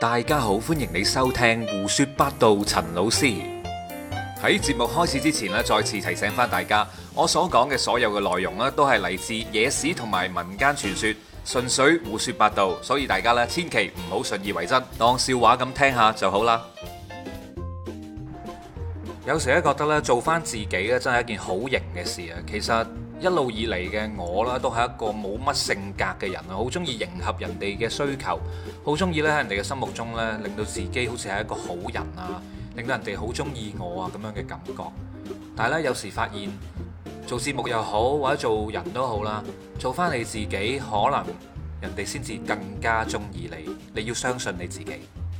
大家好，歡迎你收聽胡說八道。陳老師喺節目開始之前咧，再次提醒翻大家，我所講嘅所有嘅內容咧，都係嚟自野史同埋民間傳說，純粹胡說八道，所以大家咧千祈唔好信以為真，當笑話咁聽下就好啦。 有時咧覺得咧做翻自己咧真係一件好型嘅事啊，其實。一路以嚟嘅我啦，都係一個冇乜性格嘅人啊，好中意迎合人哋嘅需求，好中意咧喺人哋嘅心目中咧，令到自己好似係一個好人啊，令到人哋好中意我啊咁樣嘅感覺。但係咧，有時發現做節目又好，或者做人都好啦，做翻你自己，可能人哋先至更加中意你。你要相信你自己。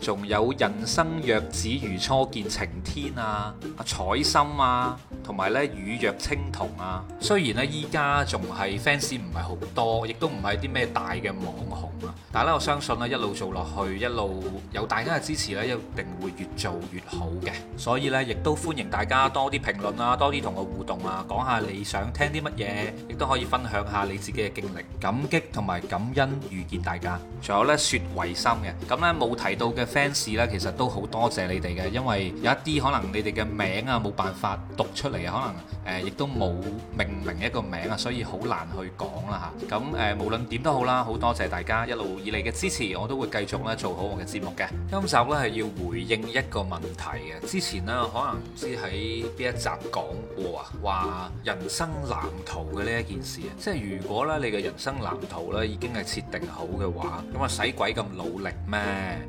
仲有人生若只如初見晴天啊，彩心啊，同埋咧雨若青銅啊。雖然咧依家仲係 fans 唔係好多，亦都唔係啲咩大嘅網紅啊，但係咧我相信咧一路做落去，一路有大家嘅支持咧，一定會越做越好嘅。所以咧，亦都歡迎大家多啲評論啊，多啲同我互動啊，講下你想聽啲乜嘢，亦都可以分享下你自己嘅經歷。感激同埋感恩遇見大家。仲有咧雪為心嘅咁咧冇提到嘅。fans 啦，其實都好多謝你哋嘅，因為有一啲可能你哋嘅名啊冇辦法讀出嚟啊，可能誒亦都冇命名一個名啊，所以好難去講啦嚇。咁誒無論點都好啦，好多謝大家一路以嚟嘅支持，我都會繼續咧做好我嘅節目嘅。今集咧係要回應一個問題嘅，之前咧可能唔知喺邊一集講過啊，話人生藍圖嘅呢一件事啊，即係如果咧你嘅人生藍圖咧已經係設定好嘅話，咁啊使鬼咁努力咩？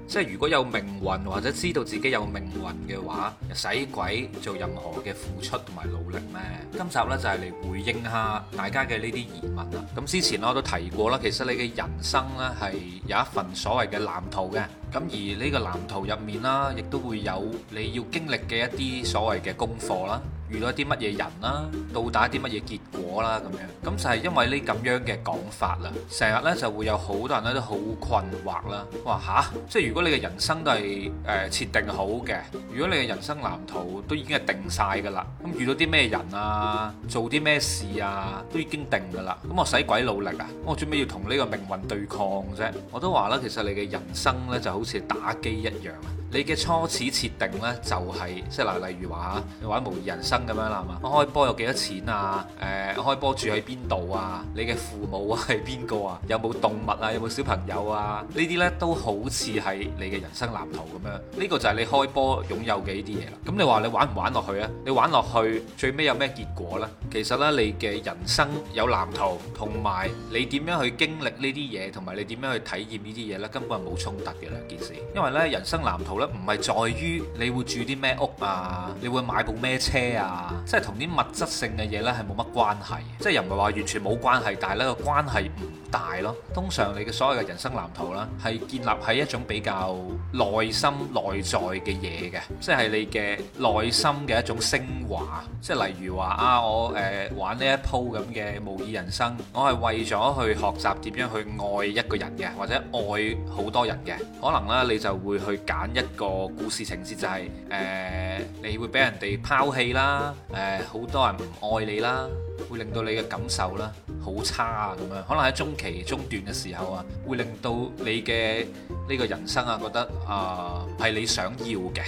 即係如果。如果有命運或者知道自己有命運嘅話，使鬼做任何嘅付出同埋努力咩？今集呢就係嚟回應下大家嘅呢啲疑問啦。咁之前我都提過啦，其實你嘅人生呢係有一份所謂嘅藍圖嘅。咁而呢個藍圖入面啦，亦都會有你要經歷嘅一啲所謂嘅功課啦，遇到一啲乜嘢人啦，到達一啲乜嘢結果啦咁樣，咁就係因為呢咁樣嘅講法啦，成日呢，就會有好多人咧都好困惑啦。話嚇，即係如果你嘅人生都係誒設定好嘅，如果你嘅人生藍圖都已經係定晒㗎啦，咁遇到啲咩人啊，做啲咩事啊，都已經定㗎啦，咁我使鬼努力啊？我做咩要同呢個命運對抗啫？我都話啦，其實你嘅人生呢就好～好似打機一樣啊！你嘅初始設定呢，就係，即係嗱，例如話你玩模擬人生咁樣啦，係嘛？開波有幾多錢啊？誒、呃，開波住喺邊度啊？你嘅父母啊係邊個啊？有冇動物啊？有冇小朋友啊？呢啲呢，都好似係你嘅人生藍圖咁樣。呢、這個就係你開波擁有嘅呢啲嘢啦。咁你話你玩唔玩落去啊？你玩落去最尾有咩結果呢？其實呢，你嘅人生有藍圖同埋你點樣去經歷呢啲嘢，同埋你點樣去體驗呢啲嘢呢，根本係冇衝突嘅兩件事。因為呢，人生藍圖呢。唔係在於你會住啲咩屋啊，你會買部咩車啊，即係同啲物質性嘅嘢呢係冇乜關係。即係又唔係話完全冇關係，但係呢個關係唔大咯。通常你嘅所謂嘅人生藍圖啦，係建立喺一種比較內心內在嘅嘢嘅，即係你嘅內心嘅一種升華。即係例如話啊，我誒、呃、玩呢一鋪咁嘅模擬人生，我係為咗去學習點樣去愛一個人嘅，或者愛好多人嘅，可能呢，你就會去揀一。個故事情節就係、是、誒、呃，你會俾人哋拋棄啦，誒、呃，好多人唔愛你啦，會令到你嘅感受啦好差啊咁樣，可能喺中期中段嘅時候啊，會令到你嘅呢、這個人生啊覺得啊係、呃、你想要嘅。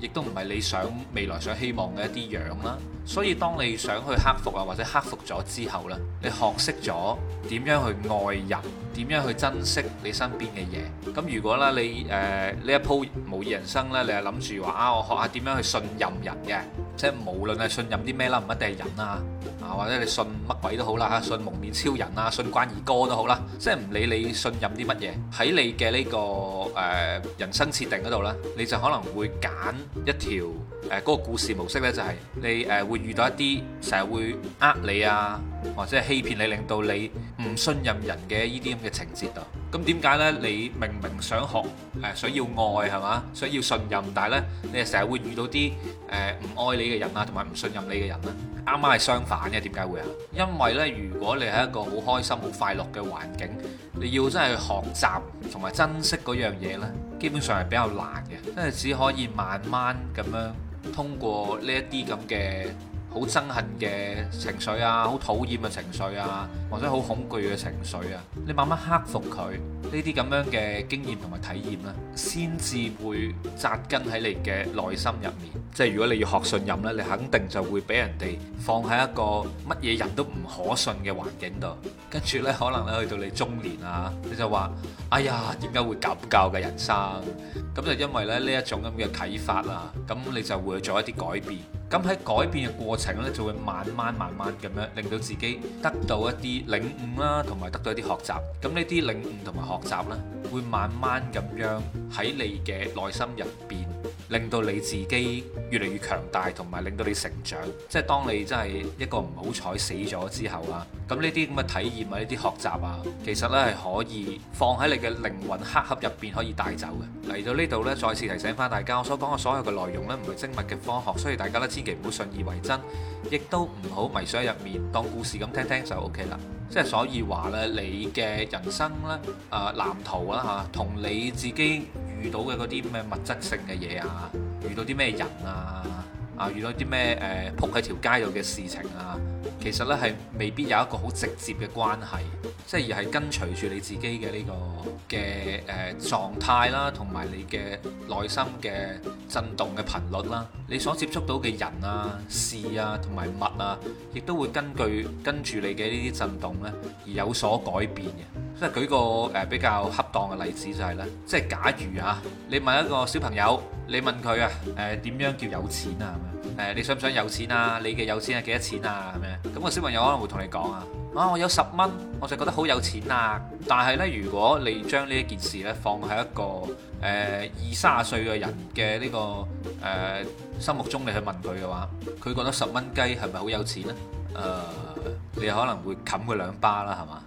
亦都唔係你想未來想希望嘅一啲樣啦，所以當你想去克服啊，或者克服咗之後呢，你學識咗點樣去愛人，點樣去珍惜你身邊嘅嘢。咁如果咧你誒呢、呃、一鋪模擬人生呢，你係諗住話啊，我學下點樣去信任人嘅，即係無論係信任啲咩啦，唔一定係人啊，啊或者你信乜鬼都好啦，信蒙面超人啊，信關二哥都好啦，即係唔理你信任啲乜嘢，喺你嘅呢、這個誒、呃、人生設定嗰度呢，你就可能會揀。一條誒嗰、呃，那個故事模式呢，就係你誒會遇到一啲成日會呃你啊，或者係欺騙你，令到你唔信任人嘅呢啲咁嘅情節啊。咁點解呢？你明明想學，誒、呃、想要愛係嘛，想要信任，但係呢，你係成日會遇到啲誒唔愛你嘅人啊，同埋唔信任你嘅人咧，啱啱係相反嘅。點解會啊？因為呢，如果你喺一個好開心、好快樂嘅環境，你要真係去學習同埋珍惜嗰樣嘢呢，基本上係比較難嘅，即係只可以慢慢咁樣通過呢一啲咁嘅。好憎恨嘅情緒啊，好討厭嘅情緒啊，或者好恐懼嘅情緒啊，你慢慢克服佢呢啲咁樣嘅經驗同埋體驗咧，先至會扎根喺你嘅內心入面。即係如果你要學信任咧，你肯定就會俾人哋放喺一個乜嘢人都唔可信嘅環境度，跟住呢，可能咧去到你中年啊，你就話：哎呀，點解會咁嘅人生？咁就因為咧呢一種咁嘅睇法啊，咁你就會做一啲改變。咁喺改變嘅過程咧，就會慢慢慢慢咁樣，令到自己得到一啲領悟啦，同埋得到一啲學習。咁呢啲領悟同埋學習呢，會慢慢咁樣喺你嘅內心入邊。令到你自己越嚟越強大，同埋令到你成長。即係當你真係一個唔好彩死咗之後啊，咁呢啲咁嘅體驗啊，呢啲學習啊，其實呢係可以放喺你嘅靈魂黑盒入邊可以帶走嘅。嚟到呢度呢，再次提醒翻大家，我所講嘅所有嘅內容呢，唔係精密嘅科學，所以大家呢，千祈唔好信以為真，亦都唔好迷上入面當故事咁聽，聽就 OK 啦。即係所以話呢，你嘅人生呢，誒、呃、藍圖啦嚇，同你自己遇到嘅嗰啲咩物質性嘅嘢啊，遇到啲咩人啊，啊，遇到啲咩誒仆喺條街度嘅事情啊，其實呢係未必有一個好直接嘅關係。即係而係跟隨住你自己嘅呢、這個嘅誒、呃、狀態啦，同埋你嘅內心嘅震動嘅頻率啦，你所接觸到嘅人啊、事啊同埋物啊，亦都會根據跟住你嘅呢啲震動呢而有所改變嘅。即係舉個誒比較恰當嘅例子就係、是、呢：即係假如啊，你問一個小朋友，你問佢啊誒點、呃、樣叫有錢啊？咁樣誒、呃、你想唔想有錢啊？你嘅有錢係幾多錢啊？咁樣咁個小朋友可能會同你講啊。啊！我有十蚊，我就覺得好有錢啊！但係呢，如果你將呢一件事呢放喺一個誒二三十歲嘅人嘅呢、呢個誒、呃、心目中，你去問佢嘅話，佢覺得十蚊雞係咪好有錢呢、啊？誒、呃，你可能會冚佢兩巴啦，係嘛？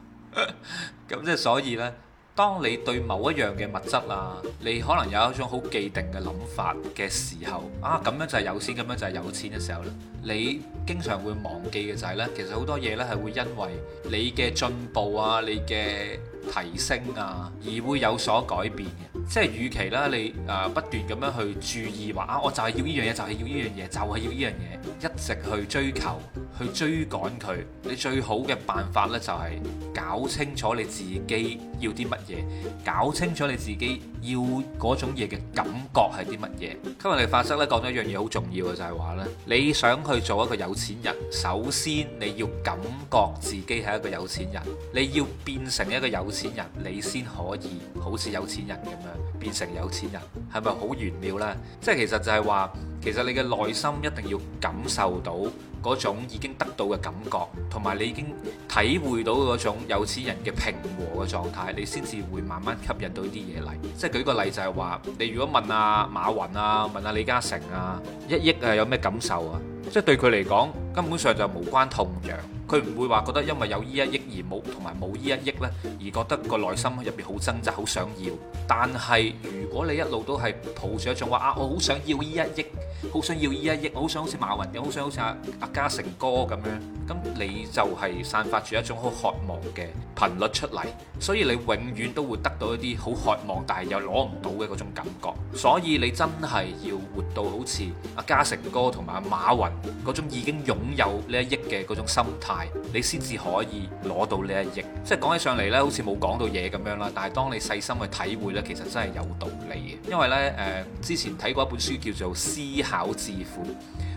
咁即係所以呢。當你對某一樣嘅物質啊，你可能有一種好既定嘅諗法嘅時候，啊咁樣就係有錢，咁樣就係有錢嘅時候呢，你經常會忘記嘅就係呢。其實好多嘢呢係會因為你嘅進步啊，你嘅提升啊，而會有所改變嘅，即係與其啦，你誒、啊、不斷咁樣去注意話啊，我就係要呢樣嘢，就係要呢樣嘢，就係要呢樣嘢，一直去追求、去追趕佢，你最好嘅辦法呢，就係搞清楚你自己要啲乜嘢，搞清楚你自己要嗰種嘢嘅感覺係啲乜嘢。今日你發叔咧講咗一樣嘢好重要嘅就係話呢：「你想去做一個有錢人，首先你要感覺自己係一個有錢人，你要變成一個有。錢人，你先可以好似有錢人咁樣變成有錢人，係咪好玄妙呢？即係其實就係話，其實你嘅內心一定要感受到嗰種已經得到嘅感覺，同埋你已經體會到嗰種有錢人嘅平和嘅狀態，你先至會慢慢吸引到啲嘢嚟。即係舉個例就係話，你如果問阿馬雲啊，問阿李嘉誠啊，一億啊有咩感受啊？即係對佢嚟講，根本上就無關痛癢。佢唔會話覺得因為有依一億而冇，同埋冇依一億呢，而覺得個內心入邊好掙扎，好想要。但係如果你一路都係抱住一種話啊，我好想要依一億，好想要依一億，好想好似馬雲咁，好想好似阿阿嘉誠哥咁樣，咁你就係散發住一種好渴望嘅頻率出嚟。所以你永遠都會得到一啲好渴望，但係又攞唔到嘅嗰種感覺。所以你真係要活到好似阿嘉誠哥同埋阿馬雲。嗰種已經擁有呢一億嘅嗰種心態，你先至可以攞到呢一億。即係講起上嚟呢，好似冇講到嘢咁樣啦。但係當你細心去體會呢，其實真係有道理嘅。因為呢，誒、呃、之前睇過一本書叫做《思考致富》，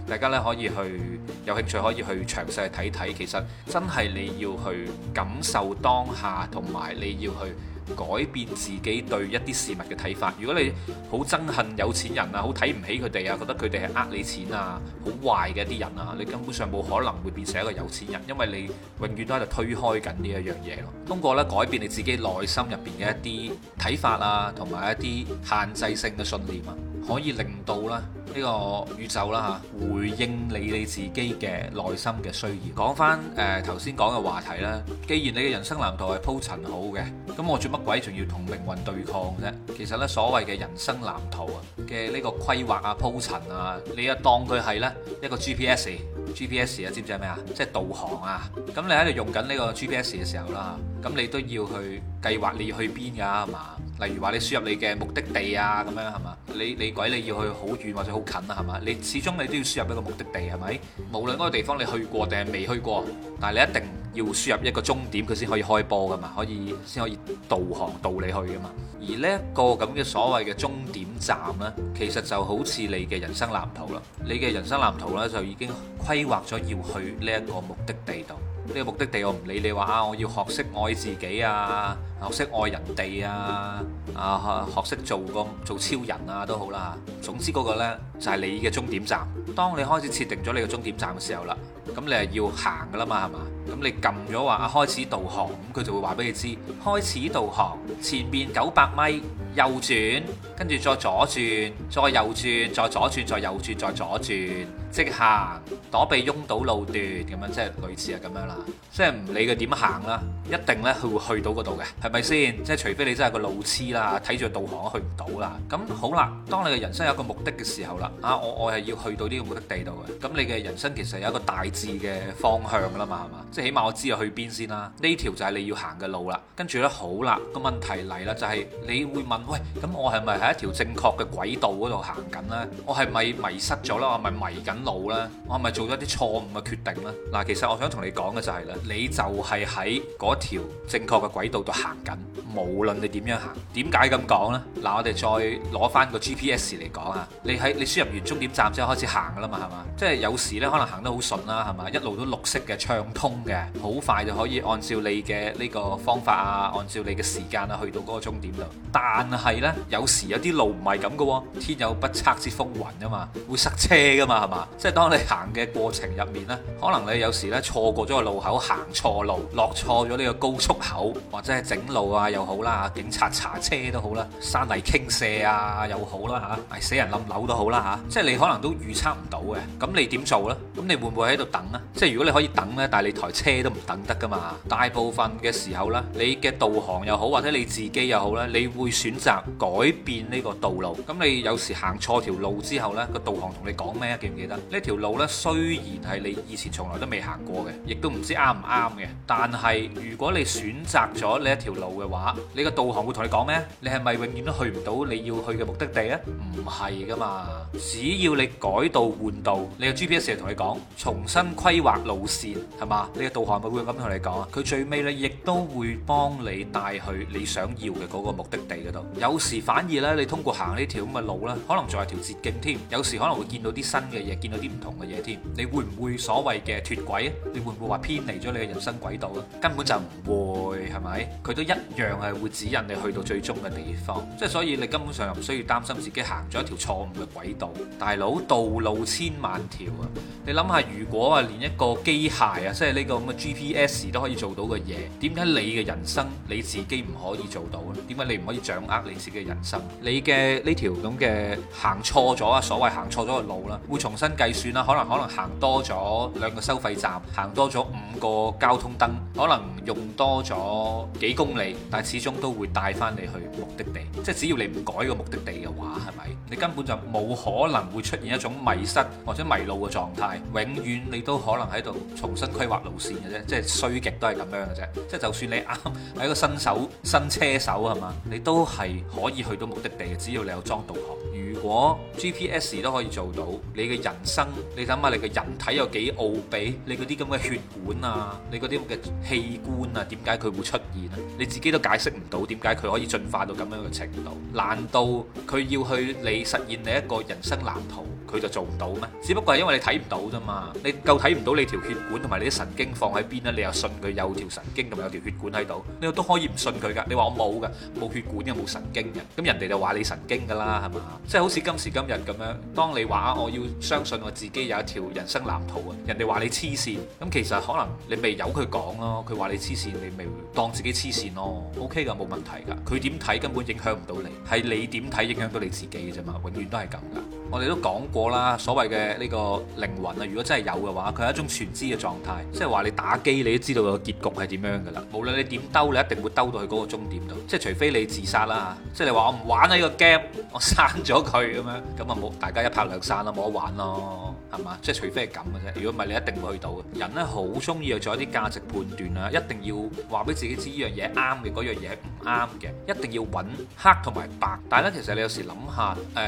大家咧可以去有興趣可以去詳細去睇睇。其實真係你要去感受當下，同埋你要去。改變自己對一啲事物嘅睇法。如果你好憎恨有錢人啊，好睇唔起佢哋啊，覺得佢哋係呃你錢啊，好壞嘅一啲人啊，你根本上冇可能會變成一個有錢人，因為你永遠都喺度推開緊呢一樣嘢咯。通過咧改變你自己內心入邊嘅一啲睇法啊，同埋一啲限制性嘅信念啊。可以令到咧呢個宇宙啦嚇，回應你你自己嘅內心嘅需要。講翻誒頭先講嘅話題咧，既然你嘅人生藍圖係鋪陳好嘅，咁我做乜鬼仲要同命運對抗啫？其實咧，所謂嘅人生藍圖啊嘅呢個規劃啊鋪陳啊，你啊當佢係咧一個 GPS。GPS 啊，知唔知係咩啊？即係導航啊，咁你喺度用緊呢個 GPS 嘅時候啦，咁你都要去計劃你要去邊㗎，係嘛？例如話你輸入你嘅目的地啊，咁樣係嘛？你你鬼你要去好遠或者好近啊，係嘛？你始終你都要輸入一個目的地係咪？無論嗰個地方你去過定係未去過，但係你一定。要輸入一個終點，佢先可以開波㗎嘛，可以先可以導航導你去㗎嘛。而呢一個咁嘅所謂嘅終點站呢，其實就好似你嘅人生藍圖啦。你嘅人生藍圖呢，就已經規劃咗要去呢一個目的地度。呢個目的地我唔理你話啊，我要學識愛自己啊，學識愛人哋啊，啊學學識做個做超人啊都好啦嚇。總之嗰個呢就係你嘅終點站。當你開始設定咗你嘅終點站嘅時候啦，咁你係要行噶啦嘛係嘛？咁你撳咗話開始導航，咁佢就會話俾你知開始導航，前面九百米右轉，跟住再左轉，再右轉，再左轉，再右轉，再左轉。即行躲避擁堵路段咁樣，即係類似係咁樣啦，即係唔理佢點行啦。一定咧，佢會去到嗰度嘅，係咪先？即係除非你真係個路痴啦，睇住個導航去唔到啦。咁好啦，當你嘅人生有一個目的嘅時候啦，啊，我我係要去到呢個目的地度嘅。咁你嘅人生其實有一個大致嘅方向噶啦嘛，係嘛？即係起碼我知啊去邊先啦。呢條就係你要行嘅路啦。跟住呢，好啦，個問題嚟啦，就係你會問，「喂，咁我係咪喺一條正確嘅軌道嗰度行緊呢？我係咪迷失咗啦？我係咪迷緊路呢？我係咪做咗啲錯誤嘅決定呢？」嗱，其實我想同你講嘅就係啦，你就係喺條正確嘅軌道度行緊，無論你點樣行，點解咁講呢？嗱，我哋再攞翻個 GPS 嚟講啊，你喺你輸入完終點站之後開始行噶啦嘛，係嘛？即係有時呢，可能行得好順啦，係嘛，一路都綠色嘅暢通嘅，好快就可以按照你嘅呢個方法啊，按照你嘅時間啊去到嗰個終點度。但係呢，有時有啲路唔係咁噶，天有不測之風雲啊嘛，會塞車噶嘛，係嘛？即係當你行嘅過程入面呢，可能你有時呢，錯過咗個路口，行錯路，落錯咗呢。個高速口或者係整路啊又好啦，警察查車都好啦，山泥傾瀉啊又好啦吓，係死人冧樓都好啦吓，即係你可能都預測唔到嘅，咁你點做呢？咁你會唔會喺度等呢？即係如果你可以等呢，但係你台車都唔等得噶嘛。大部分嘅時候呢，你嘅導航又好，或者你自己又好咧，你會選擇改變呢個道路。咁你有時行錯條路之後呢，個導航同你講咩？記唔記得呢條路呢？雖然係你以前從來都未行過嘅，亦都唔知啱唔啱嘅，但係如如果你選擇咗呢一條路嘅話，你個導航會同你講咩？你係咪永遠都去唔到你要去嘅目的地啊？唔係噶嘛，只要你改道換道，你嘅 GPS 又同你講重新規劃路線係嘛？你嘅導航咪會咁同你講啊？佢最尾咧亦都會幫你帶去你想要嘅嗰個目的地嗰度。有時反而咧，你通過行呢條咁嘅路咧，可能仲係條捷徑添。有時可能會見到啲新嘅嘢，見到啲唔同嘅嘢添。你會唔會所謂嘅脫軌啊？你會唔會話偏離咗你嘅人生軌道啊？根本就～唔會係咪？佢都一樣係會指引你去到最終嘅地方，即係所以你根本上又唔需要擔心自己行咗一條錯誤嘅軌道。大佬道路千萬條啊！你諗下，如果話連一個機械啊，即係呢個咁嘅 GPS 都可以做到嘅嘢，點解你嘅人生你自己唔可以做到呢？點解你唔可以掌握你自己嘅人生？你嘅呢條咁嘅行錯咗啊，所謂行錯咗嘅路啦，會重新計算啦，可能可能行多咗兩個收費站，行多咗五個交通燈，可能。用多咗幾公里，但係始終都會帶翻你去目的地。即係只要你唔改個目的地嘅話，係咪？你根本就冇可能會出現一種迷失或者迷路嘅狀態。永遠你都可能喺度重新規劃路線嘅啫。即係衰極都係咁樣嘅啫。即係就算你啱係一個新手新車手係嘛，你都係可以去到目的地嘅。只要你有裝導航，如果 GPS 都可以做到，你嘅人生你諗下你嘅人體有幾奧秘，你嗰啲咁嘅血管啊，你嗰啲咁嘅器官啊。官啊，點解佢會出現啊？你自己都解釋唔到點解佢可以進化到咁樣嘅程度？難道佢要去你實現你一個人生藍圖，佢就做唔到咩？只不過係因為你睇唔到啫嘛。你夠睇唔到你條血管同埋你啲神經放喺邊呢？你又信佢有條神經同埋有條血管喺度，你都可以唔信佢㗎。你話我冇㗎，冇血管又冇神經嘅，咁人哋就話你神經㗎啦，係嘛？即係好似今時今日咁樣，當你話我要相信我自己有一條人生藍圖啊，人哋話你黐線。咁其實可能你未由佢講咯，佢話你。黐線，你咪當自己黐線咯，OK 噶，冇問題噶。佢點睇根本影響唔到你，係你點睇影響到你自己嘅啫嘛。永遠都係咁噶。我哋都講過啦，所謂嘅呢個靈魂啊，如果真係有嘅話，佢係一種全知嘅狀態，即係話你打機你都知道個結局係點樣噶啦。無論你點兜，你一定會兜到去嗰個終點度，即係除非你自殺啦，即係你話我唔玩啦呢個 game，我刪咗佢咁樣，咁啊冇，大家一拍兩散啦，冇得玩咯。係嘛？即係除非係咁嘅啫。如果唔係，你一定會去到嘅。人咧，好中意去做一啲價值判斷啦，一定要話俾自己知呢樣嘢啱嘅，嗰樣嘢唔啱嘅，一定要揾黑同埋白。但係咧，其實你有時諗下，誒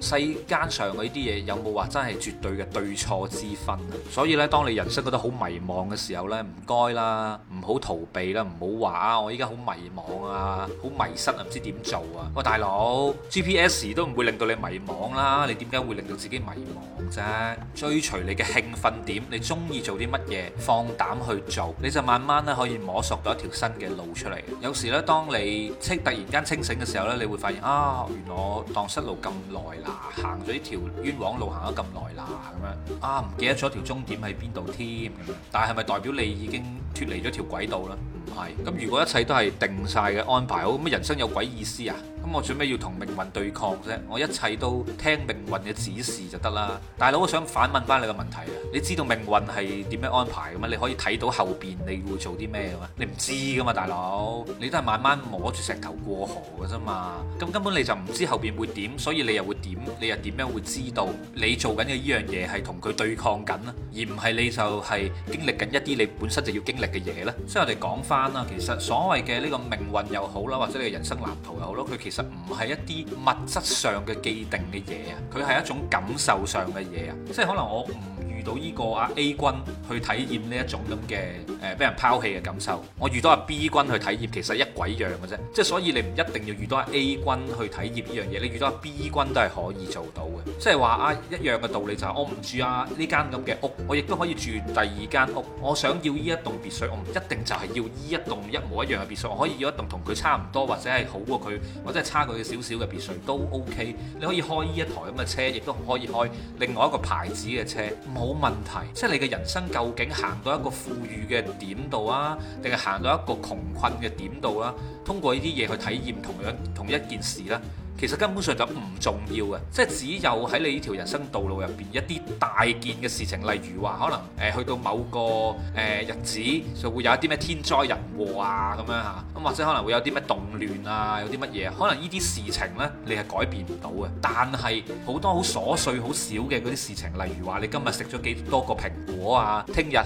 世間上嘅呢啲嘢有冇話真係絕對嘅對錯之分啊？所以咧，當你人生覺得好迷茫嘅時候咧，唔該啦，唔好逃避啦，唔好話啊，我依家好迷茫啊，好迷失啊，唔知點做啊。喂，大佬，GPS 都唔會令到你迷茫啦，你點解會令到自己迷茫啫？追隨你嘅興奮點，你中意做啲乜嘢，放膽去做，你就慢慢咧可以摸索到一條新嘅路出嚟。有時呢，當你清突然間清醒嘅時候呢，你會發現啊，原來我蕩失路咁耐啦，行咗呢條冤枉路行咗咁耐啦，咁樣啊，唔記得咗條終點喺邊度添。但係係咪代表你已經脫離咗條軌道呢？唔係。咁如果一切都係定晒嘅安排好，咁人生有鬼意思啊？咁我準備要同命運對抗啫，我一切都聽命運嘅指示就得啦。大佬，我想反問翻你個問題啊。你知道命運係點樣安排嘅咩？你可以睇到後邊你會做啲咩嘅嘛？你唔知噶嘛，大佬。你都係慢慢摸住石頭過河嘅啫嘛。咁根本你就唔知後邊會點，所以你又會點？你又點樣會知道你做緊嘅呢樣嘢係同佢對抗緊咧，而唔係你就係經歷緊一啲你本身就要經歷嘅嘢呢。即係我哋講翻啦，其實所謂嘅呢個命運又好啦，或者你嘅人生藍圖又好咯，佢其實唔係一啲物質上嘅既定嘅嘢啊，佢係一種感受上嘅嘢啊，即係可能我唔遇到呢個阿 A 君去體驗呢一種咁嘅誒畀人拋棄嘅感受，我遇到阿 B 君去體驗，其實一鬼樣嘅啫。即係所以你唔一定要遇到阿 A 君去體驗呢樣嘢，你遇到阿 B 君都係可以做到嘅。即係話啊一樣嘅道理就係我唔住啊呢間咁嘅屋，我亦都可以住第二間屋。我想要呢一棟別墅，我唔一定就係要呢一棟一模一樣嘅別墅，我可以有一棟同佢差唔多或者係好過佢或者差距少少嘅別墅都 OK，你可以開呢一台咁嘅車，亦都可以開另外一個牌子嘅車，冇問題，即係你嘅人生究竟行到一個富裕嘅點度啊，定係行到一個窮困嘅點度啊？通過呢啲嘢去體驗同樣同一件事啦。其實根本上就唔重要嘅，即係只有喺你呢條人生道路入邊一啲大件嘅事情，例如話可能誒、呃、去到某個誒、呃、日子就會有一啲咩天災人禍啊咁樣嚇，咁或者可能會有啲咩動亂啊，有啲乜嘢，可能呢啲事情呢，你係改變唔到嘅。但係好多好瑣碎好少嘅嗰啲事情，例如話你今日食咗幾多個蘋果啊，聽日誒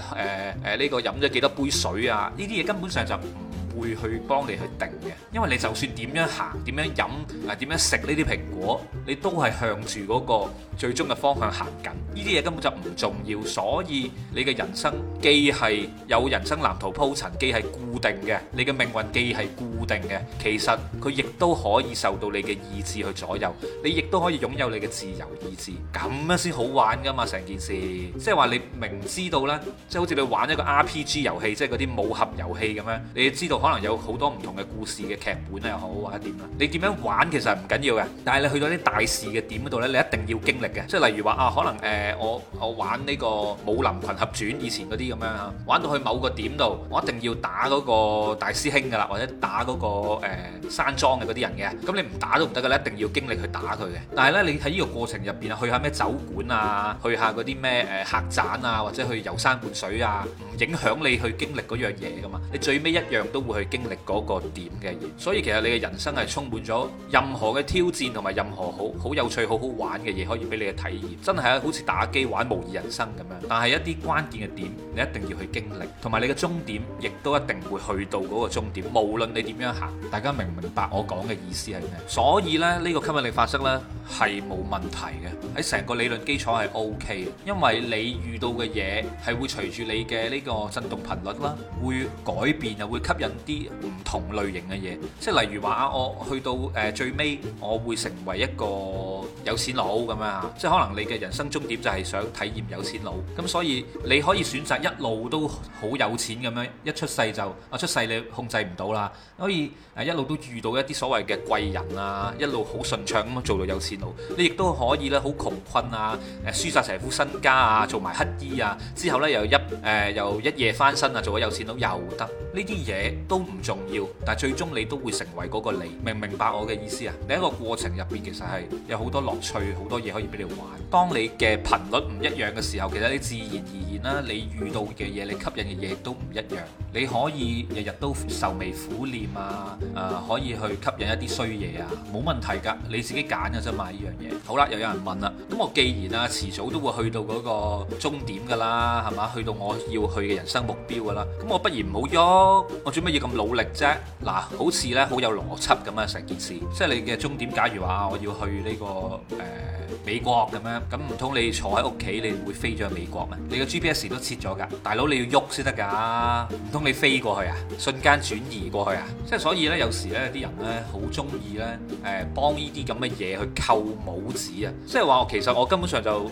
誒呢個飲咗幾多杯水啊，呢啲嘢根本上就。會去幫你去定嘅，因為你就算點樣行、點樣飲、誒、啊、點樣食呢啲蘋果，你都係向住嗰個最終嘅方向行緊。呢啲嘢根本就唔重要，所以你嘅人生既係有人生藍圖鋪陳，既係固定嘅，你嘅命運既係固定嘅。其實佢亦都可以受到你嘅意志去左右，你亦都可以擁有你嘅自由意志。咁樣先好玩噶嘛，成件事。即係話你明知道呢，即係好似你玩一個 RPG 遊戲，即係嗰啲武俠遊戲咁樣，你知道。可能有好多唔同嘅故事嘅劇本又好或者點啊，你點樣玩其實唔緊要嘅，但係你去到啲大事嘅點嗰度咧，你一定要經歷嘅，即係例如話啊，可能誒、呃、我我玩呢個武林群俠傳以前嗰啲咁樣啊，玩到去某個點度，我一定要打嗰個大師兄噶啦，或者打嗰、那個誒、呃、山莊嘅嗰啲人嘅，咁你唔打都唔得嘅，你一定要經歷去打佢嘅。但係咧，你喺呢個過程入邊啊，去下咩酒館啊，去下嗰啲咩誒客棧啊，或者去遊山玩水啊，唔影響你去經歷嗰樣嘢噶嘛。你最尾一樣都，會去經歷嗰個點嘅嘢，所以其實你嘅人生係充滿咗任何嘅挑戰同埋任何好好有趣好好玩嘅嘢，可以俾你嘅體驗，真係好似打機玩模擬人生咁樣。但係一啲關鍵嘅點，你一定要去經歷，同埋你嘅終點亦都一定會去到嗰個終點，無論你點樣行。大家明唔明白我講嘅意思係咩？所以咧呢個吸引力法則呢，係冇問題嘅，喺成個理論基礎係 OK。因為你遇到嘅嘢係會隨住你嘅呢個震動頻率啦，會改變又會吸引。啲唔同類型嘅嘢，即係例如話，我去到誒最尾，我會成為一個有錢佬咁樣嚇，即係可能你嘅人生終點就係想體驗有錢佬，咁所以你可以選擇一路都好有錢咁樣，一出世就啊出世你控制唔到啦，可以誒一路都遇到一啲所謂嘅貴人啊，一路好順暢咁啊做到有錢佬，你亦都可以咧好窮困啊，誒輸曬成副身家啊，做埋乞衣啊，之後呢，又一誒、呃、又一夜翻身啊，做咗有錢佬又得，呢啲嘢。都唔重要，但最終你都會成為嗰個你，明唔明白我嘅意思啊？你喺一個過程入邊其實係有好多樂趣，好多嘢可以俾你玩。當你嘅頻率唔一樣嘅時候，其實你自然而然啦，你遇到嘅嘢，你吸引嘅嘢都唔一樣，你可以日日都愁眉苦臉啊，誒、呃、可以去吸引一啲衰嘢啊，冇問題噶，你自己揀㗎啫嘛，呢樣嘢。好啦，又有人問啦，咁我既然啊遲早都會去到嗰個終點㗎啦，係嘛？去到我要去嘅人生目標噶啦，咁我不如唔好喐，我做乜要咁努力啫，嗱、啊，好似呢，好有邏輯咁啊！成件事，即係你嘅終點。假如話我要去呢、這個誒、呃、美國咁樣，咁唔通你坐喺屋企，你會飛咗去美國咩？你個 GPS 都切咗噶，大佬你要喐先得噶，唔通你飛過去啊？瞬間轉移過去啊？即係所以呢，有時呢啲人呢，好中意呢，誒幫呢啲咁嘅嘢去扣帽子啊！即係話，其實我根本上就。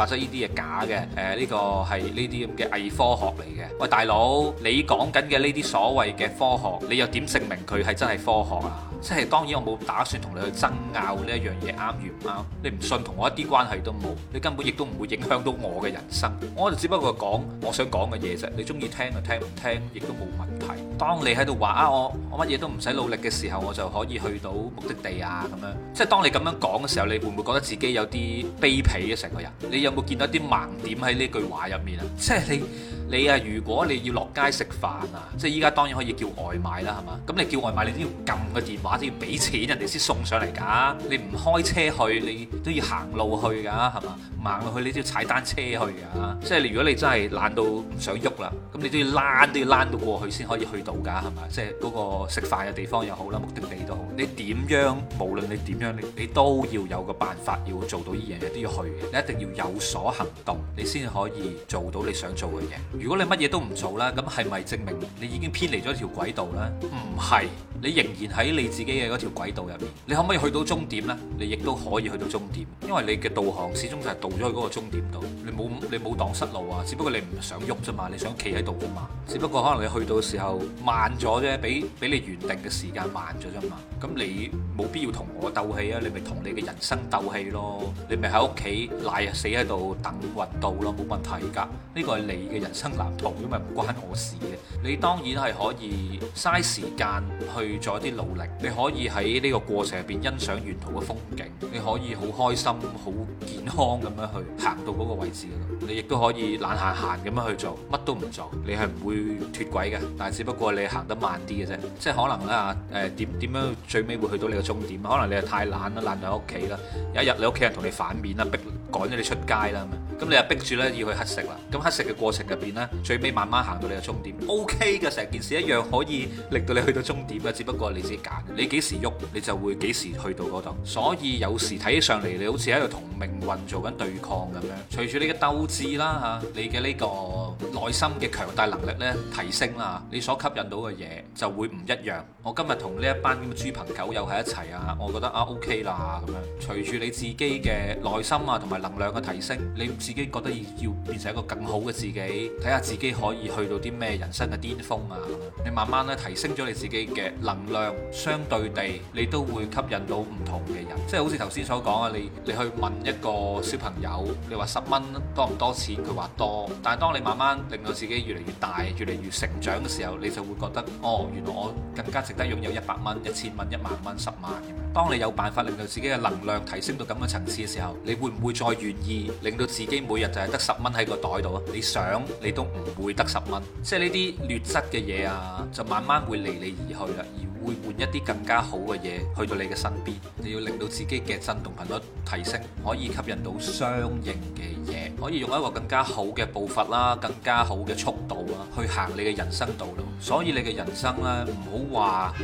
發生呢啲嘢，假嘅，誒、呃、呢、呢個係呢啲咁嘅偽科學嚟嘅。喂，大佬，你講緊嘅呢啲所謂嘅科學，你又點證明佢係真係科學啊？即係當然我冇打算同你去爭拗呢一樣嘢啱與唔啱。你唔信同我一啲關係都冇，你根本亦都唔會影響到我嘅人生。我就只不過講我想講嘅嘢啫。你中意聽就聽、聽，唔聽亦都冇問題。當你喺度話啊，我我乜嘢都唔使努力嘅時候，我就可以去到目的地啊咁樣。即係當你咁樣講嘅時候，你會唔會覺得自己有啲卑鄙啊成個人？你有冇見到啲盲點喺呢句話入面啊？即係你。你啊，如果你要落街食飯啊，即係依家當然可以叫外賣啦，係嘛？咁你叫外賣，你都要撳個電話，都要俾錢人哋先送上嚟㗎。你唔開車去，你都要行路去㗎，係嘛？行落去你都要踩單車去㗎。即係如果你真係懶到唔想喐啦，咁你都要躝都要躝到過去先可以去到㗎，係嘛？即係嗰個食飯嘅地方又好啦，目的地都好，你點樣，無論你點樣，你你都要有個辦法要做到呢樣嘢都要去，你一定要有所行動，你先可以做到你想做嘅嘢。如果你乜嘢都唔做啦，咁係咪證明你已經偏離咗條軌道呢？唔係，你仍然喺你自己嘅嗰條軌道入邊。你可唔可以去到終點呢？你亦都可以去到終點，因為你嘅導航始終就係到咗去嗰個終點度。你冇你冇擋失路啊，只不過你唔想喐啫嘛，你想企喺度啫嘛。只不過可能你去到時候慢咗啫，比比你原定嘅時間慢咗啫嘛。咁你冇必要同我鬥氣啊，你咪同你嘅人生鬥氣咯。你咪喺屋企賴死喺度等運到咯，冇問題㗎。呢個係你嘅人生。沿途，因為唔關我事嘅，你當然係可以嘥時間去做一啲努力。你可以喺呢個過程入邊欣賞沿途嘅風景，你可以好開心、好健康咁樣去行到嗰個位置。你亦都可以懶閒閒咁樣去做，乜都唔做，你係唔會脱軌嘅。但係只不過你行得慢啲嘅啫，即係可能咧誒點點樣最尾會去到你嘅終點？可能你係太懶啦，懶喺屋企啦。有一日你屋企人同你反面啦，逼趕咗你出街啦咁，你又逼住咧要去乞食啦。咁乞食嘅過程入邊最尾慢慢行到你嘅終點，O K 嘅，成件事一樣可以令到你去到終點嘅。只不過你自己揀，你幾時喐，你就會幾時去到嗰度。所以有時睇起上嚟，你好似喺度同命運做緊對抗咁樣。隨住你嘅鬥志啦，吓，你嘅呢個內心嘅強大能力呢，提升啦，你所吸引到嘅嘢就會唔一樣。我今日同呢一班咁嘅豬朋狗友喺一齊啊，我覺得啊 O K 啦咁樣。隨住你自己嘅內心啊，同埋能量嘅提升，你自己覺得要要變成一個更好嘅自己。睇下自己可以去到啲咩人生嘅巔峰啊！你慢慢咧提升咗你自己嘅能量，相對地你都會吸引到唔同嘅人。即係好似頭先所講啊，你你去問一個小朋友，你話十蚊多唔多錢，佢話多。但係當你慢慢令到自己越嚟越大、越嚟越成長嘅時候，你就會覺得，哦，原來我更加值得擁有一百蚊、一千蚊、一萬蚊、十萬。當你有辦法令到自己嘅能量提升到咁嘅層次嘅時候，你會唔會再願意令到自己每日就係得十蚊喺個袋度啊？你想你都唔會得十蚊，即係呢啲劣質嘅嘢啊，就慢慢會離你而去啦。會換一啲更加好嘅嘢去到你嘅身邊，你要令到自己嘅振動頻率提升，可以吸引到相應嘅嘢，可以用一個更加好嘅步伐啦，更加好嘅速度啊，去行你嘅人生道路。所以你嘅人生呢，唔好話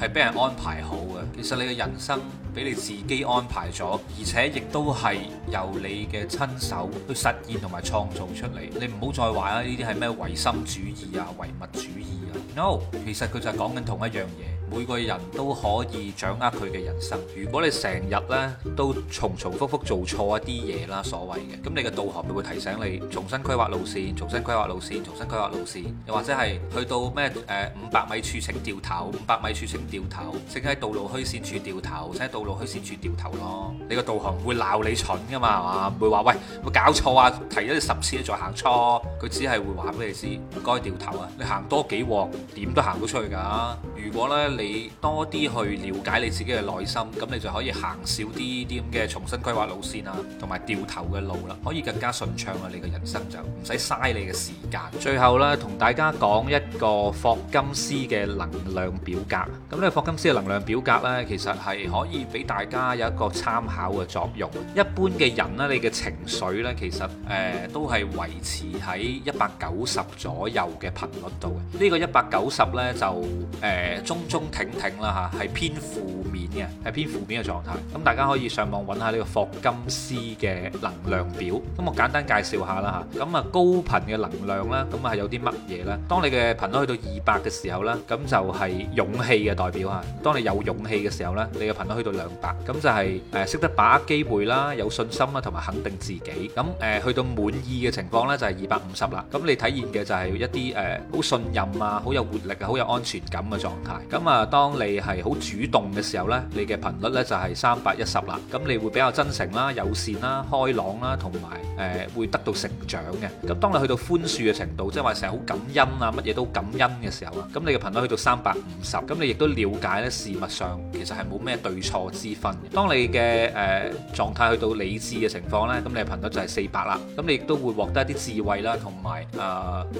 係俾人安排好嘅，其實你嘅人生俾你自己安排咗，而且亦都係由你嘅親手去實現同埋創造出嚟。你唔好再話啦，呢啲係咩唯心主義啊、唯物主義啊？No，其實佢就係講緊同一樣嘢。每個人都可以掌握佢嘅人生。如果你成日咧都重重復復做錯一啲嘢啦，所謂嘅，咁你嘅導航佢會提醒你重新規劃路線，重新規劃路線，重新規劃路線。又或者係去到咩，誒五百米處請掉頭，五百米處請掉頭，請喺道路虛線處掉頭，請喺道路虛線處掉頭咯。你個導航唔會鬧你蠢噶嘛？係嘛？唔會話，喂，我搞錯啊？提咗你十次再行錯，佢只係會話俾你知唔該掉頭啊！你行多幾鑊點都行到出去噶～如果咧你多啲去了解你自己嘅內心，咁你就可以行少啲啲咁嘅重新規劃路線啊，同埋掉頭嘅路啦，可以更加順暢啊！你嘅人生就唔使嘥你嘅時間。最後咧，同大家講一個霍金斯嘅能量表格。咁咧，霍金斯嘅能量表格呢，其實係可以俾大家有一個參考嘅作用。一般嘅人呢，你嘅情緒呢，其實誒、呃、都係維持喺一百九十左右嘅頻率度嘅。呢、呢個一百九十呢，就誒。呃中中挺挺啦嚇，係偏負面嘅，係偏負面嘅狀態。咁大家可以上網揾下呢個霍金斯嘅能量表。咁我簡單介紹下啦嚇。咁啊高頻嘅能量啦，咁啊係有啲乜嘢呢？當你嘅頻率去到二百嘅時候呢，咁就係勇氣嘅代表嚇。當你有勇氣嘅時候呢，你嘅頻率去到兩百，咁就係誒識得把握機會啦，有信心啦，同埋肯定自己。咁誒去到滿意嘅情況呢，就係二百五十啦。咁你體現嘅就係一啲誒好信任啊，好有活力啊，好有安全感嘅狀。咁啊！當你係好主動嘅時候咧，你嘅頻率咧就係三百一十啦。咁你會比較真誠啦、友善啦、開朗啦，同埋誒會得到成長嘅。咁當你去到寬恕嘅程度，即係話成日好感恩啊，乜嘢都感恩嘅時候啊，咁你嘅頻率去到三百五十，咁你亦都瞭解咧事物上其實係冇咩對錯之分嘅。當你嘅誒狀態去到理智嘅情況咧，咁你嘅頻率就係四百啦。咁你亦都會獲得一啲智慧啦，同埋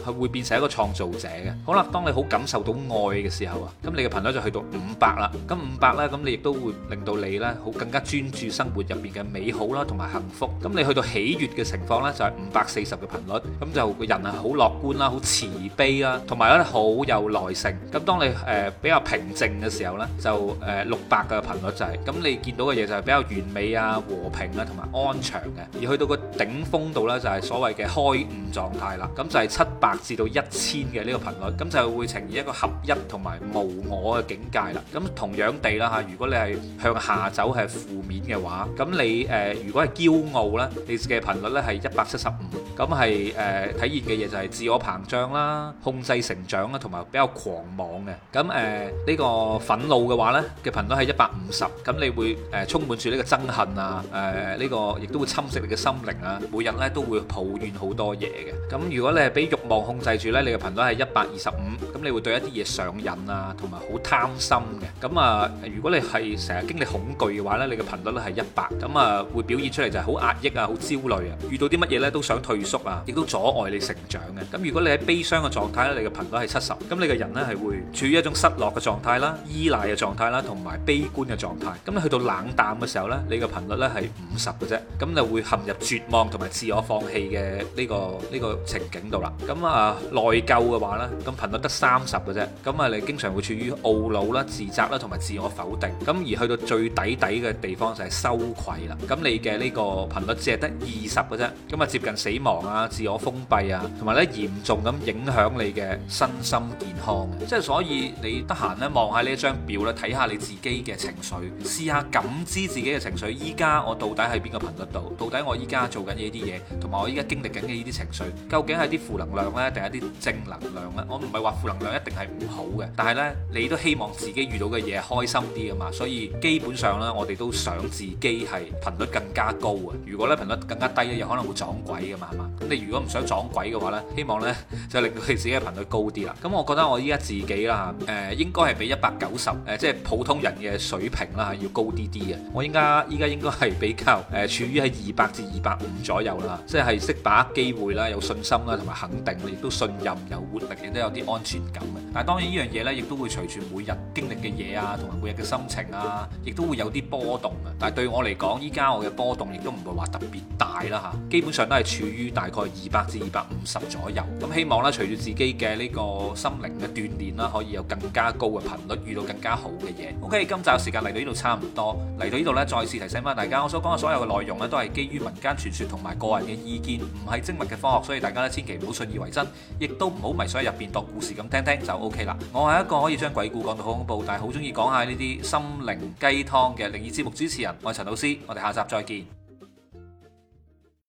誒係會變成一個創造者嘅。好啦，當你好感受到愛嘅時候，咁你嘅頻率就去到五百啦，咁五百咧，咁你亦都會令到你咧好更加專注生活入面嘅美好啦，同埋幸福。咁你去到喜悅嘅情況咧，就係五百四十嘅頻率，咁就個人啊好樂觀啦，好慈悲啦，同埋咧好有耐性。咁當你誒比較平靜嘅時候咧，就誒六百嘅頻率就係，咁你見到嘅嘢就係比較完美啊、和平啊同埋安詳嘅。而去到個頂峯度咧，就係所謂嘅開悟狀態啦，咁就係七百至到一千嘅呢個頻率，咁就會呈現一個合一同埋。無我嘅境界啦，咁同樣地啦嚇，如果你係向下走係負面嘅話，咁你誒、呃、如果係驕傲呢，你嘅頻率呢係一百七十五。咁係誒體現嘅嘢就係自我膨脹啦、控制成長啦，同埋比較狂妄嘅。咁誒呢個憤怒嘅話咧，嘅頻率係一百五十。咁你會誒、呃、充滿住呢個憎恨啊、誒、呃、呢、呢個亦都會侵蝕你嘅心靈啊。每日咧都會抱怨好多嘢嘅。咁如果你係俾欲望控制住咧，你嘅頻率係一百二十五。咁你會對一啲嘢上癮啊，同埋好貪心嘅。咁啊、呃，如果你係成日經歷恐懼嘅話咧，你嘅頻率咧係一百。咁、呃、啊會表現出嚟就係好壓抑啊、好焦慮啊。遇到啲乜嘢咧都想退。縮啊，亦都阻礙你成長嘅。咁如果你喺悲傷嘅狀態咧，你嘅頻率係七十，咁你嘅人咧係會處於一種失落嘅狀態啦、依賴嘅狀態啦，同埋悲觀嘅狀態。咁你去到冷淡嘅時候咧，你嘅頻率咧係五十嘅啫，咁就會陷入絕望同埋自我放棄嘅呢個呢個情景度啦。咁啊內疚嘅話咧，咁頻率得三十嘅啫，咁啊你經常會處於懊惱啦、自責啦同埋自我否定。咁而去到最底底嘅地方就係羞愧啦。咁你嘅呢個頻率只係得二十嘅啫，咁啊接近死亡。啊！自我封閉啊，同埋咧嚴重咁影響你嘅身心健康。即係所以你得閒咧望下呢一張表咧，睇下你自己嘅情緒，試下感知自己嘅情緒。依家我到底喺邊個頻率度？到底我依家做緊呢啲嘢，同埋我依家經歷緊嘅呢啲情緒，究竟係啲負能量呢？定係啲正能量呢？我唔係話負能量一定係唔好嘅，但係呢，你都希望自己遇到嘅嘢開心啲啊嘛。所以基本上呢，我哋都想自己係頻率更加高啊。如果咧頻率更加低，有可能會撞鬼噶嘛，係嘛。咁你如果唔想撞鬼嘅話咧，希望咧就令到你自己嘅頻率高啲啦。咁、嗯、我覺得我依家自己啦，誒、呃、應該係比一百九十誒，即係普通人嘅水平啦、呃，要高啲啲嘅。我依家依家應該係比較誒、呃，處於喺二百至二百五左右啦，即係識把握機會啦，有信心啦，同埋肯定，亦都信任，有活力，亦都有啲安全感。但係當然呢樣嘢呢，亦都會隨住每日經歷嘅嘢啊，同埋每日嘅心情啊，亦都會有啲波動嘅。但係對我嚟講，依家我嘅波動亦都唔會話特別大啦，嚇，基本上都係處於。大概二百至二百五十左右，咁希望咧，隨住自己嘅呢個心靈嘅鍛煉啦，可以有更加高嘅頻率，遇到更加好嘅嘢。OK，今集時間嚟到呢度差唔多，嚟到呢度呢，再次提醒翻大家，我所講嘅所有嘅內容呢，都係基於民間傳說同埋個人嘅意見，唔係精密嘅科學，所以大家呢，千祈唔好信以為真，亦都唔好迷上入邊當故事咁聽聽就 OK 啦。我係一個可以將鬼故講到好恐怖，但係好中意講，講下呢啲心靈雞湯嘅靈異節目主持人，我係陳老師，我哋下集再見。